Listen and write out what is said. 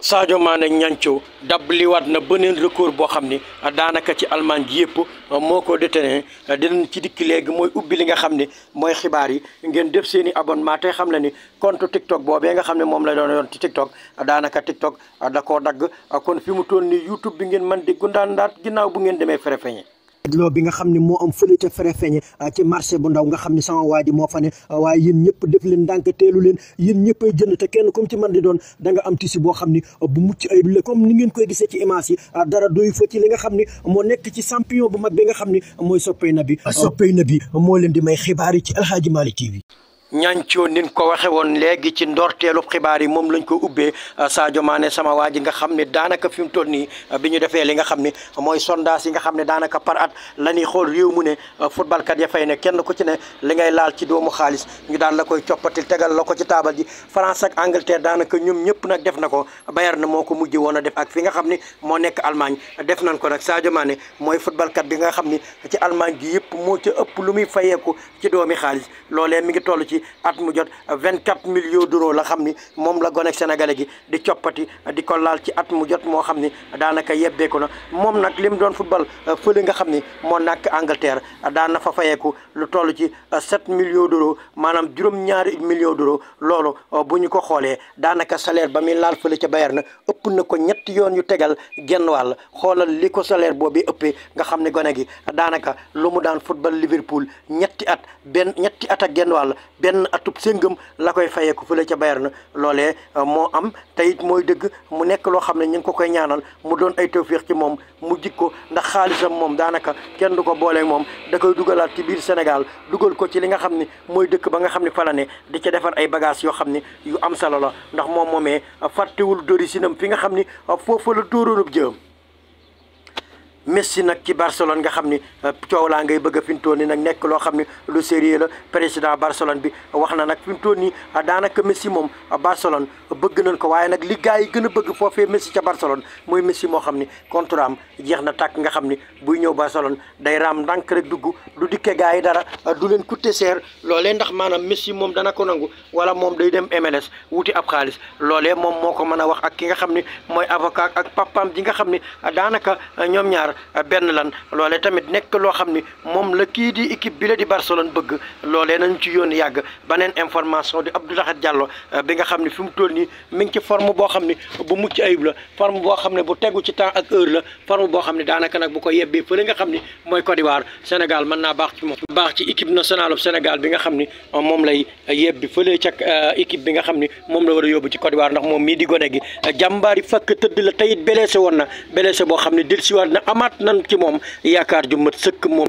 Sadio Mané ñanco dabliwaat na beneen record boo xam ni daanaka ci Allemagne ji yëpp moo ko détene dinañ ci dikk léegi mooy ubbi li nga xam ne mooy xibaar yi ngeen def seen i abonnement xam ne ni compte TikTok boobee nga xam ne moom la doon yoon ci TikTok daanaka TikTok a koo dagg kon fi mu toll nii YouTube bi ngeen mën di gundaandaat ginnaaw bu ngeen demee fere feñe loo bi nga xam ne moo am fële ca Farefeñe ah, ci marché bu ndaw nga xam ni sama waa ji moo fa ne ah, waaye yéen ñëpp def leen ndànk teelu leen yéen ñëpp ay jënd te kenn comme ci man di doon danga nga am tissu boo xam ni ah, bu mucc ay dule comme ni ngeen koy gisee ci image yi dara doy fa ci li nga xam ni moo nekk ci champion bu mag bi nga xam ni mooy soppay na bi soppay na bi moo leen di may xibaar yi ci Aladji Malick TV ñancoo nin ko waxe woon léegi ci ndorteelu xibaar yi moom lañ ko ubbee Sadio maane sama waa ji nga xam ne daanaka fi mu toll nii bi ñu defee li nga xam ne mooy sondage yi nga xam ne daanaka par at la xool réew mu ne footballkat ya fay ne kenn ku ci ne li ngay laal ci doomu xaalis ñu daal la koy coppatil tegal la ko ci taabal ji France ak Angleterre daanaka ñoom ñëpp nag def na ko Bayern na moo ko mujj woon a def ak fi nga xam ne moo nekk Allemagne def nañ ko nag Sadio Mané mooy footballkat bi nga xam ni ci Allemagne gi yëpp moo ci ëpp lu muy fayeeku ci doomi xaalis loolee gi at mu jot vingt quatre millions d'euros la xam ni moom la gonek sénégalais gi di coppati di ko laal ci at mu jot moo xam ni daanaka yebbeeku na moom nag li mu doon football euh, fële nga xam ni moo nakk Angleterre daan na fa fayeeku lu toll ci euh, sept millions d'euros maanaam juróom-ñaari millions d'euros loolu euh, bu ñu ko xoolee daanaka salaire ba muy laal fële ca Bayern na ëpp na ko ñetti yoon yu tegal genn wàll xoolal li ko salaire boobu ëppee nga xam ne gone gi daanaka lu mu daan football Liverpool ñetti at benn ñetti at genn wàll benn atub séngam la koy fayeeku fële ca Bayern loolee euh, moo am tey mooy dëgg mu nekk loo xam ne ñu ngi ko koy ñaanal mu doon ay tawféex ci moom mu jikko ndax xaalisam moom daanaka kenn du ko booleeg moom da koy dugalaat ci biir Sénégal dugal ko ci li nga xam ni mooy dëkk ba nga xam ne fa la ne di ca defar ay bagages yoo xam ni yu am solo la ndax moom moomee euh, fàttewul dori sinam fi nga xam ni euh, foofa la tóoroonub jëm Messi nag ci Barcelone nga xam ni euh, coow laa ngay bëgg a fintoon ni nag nekk loo xam ni lu sérieux la président Barcelone bi wax na nag fintoon ni euh, daanaka Messi moom euh, Barcelone bëgg nañ ko waaye nag li gars yi gën a bëgg foofee Messi ca Barcelone mooy Messi moo xam ni contrat am jeex na tàkk nga xam ni buy ñëw Barcelone day raam ndànk rek dugg du dikke gars yi dara du leen coûter cher loolee ndax maanaam Messi moom dana ko nangu wala moom day dem MLS wuti ab xaalis loolee moom moo ko mën a wax ak ki nga xam ni mooy avocat ak papam ji nga xam ni daanaka ñoom ñaar benn lan loolee tamit nekk loo xam ni moom la kii di équipe bi la di Barcelone bëgg loole nañu ci yoon yàgg beneen information di Abdou Lahad Diallo euh, bi nga xam ni fi mu toll nii mi ngi ci forme boo xam ne bu mucc ayib la forme boo xam ne bu tegu ci temps ak heure la forme boo xam ne daanaka nag bu ko yebbee fële nga xam ni mooy Côte d'Ivoire Sénégal mën naa baax ci moom baax ci équipe nationale bu Sénégal bi nga xam ni euh, moom lay euh, yebbi fële ca bi nga xam ni moom la war a yóbbu ci Côte d'Ivoire ndax moom mii di gone gi jàmbaari fakk tëdd la woon na blessé boo xam ne amaat nan ci moom yaakaar ju mat sëkk moom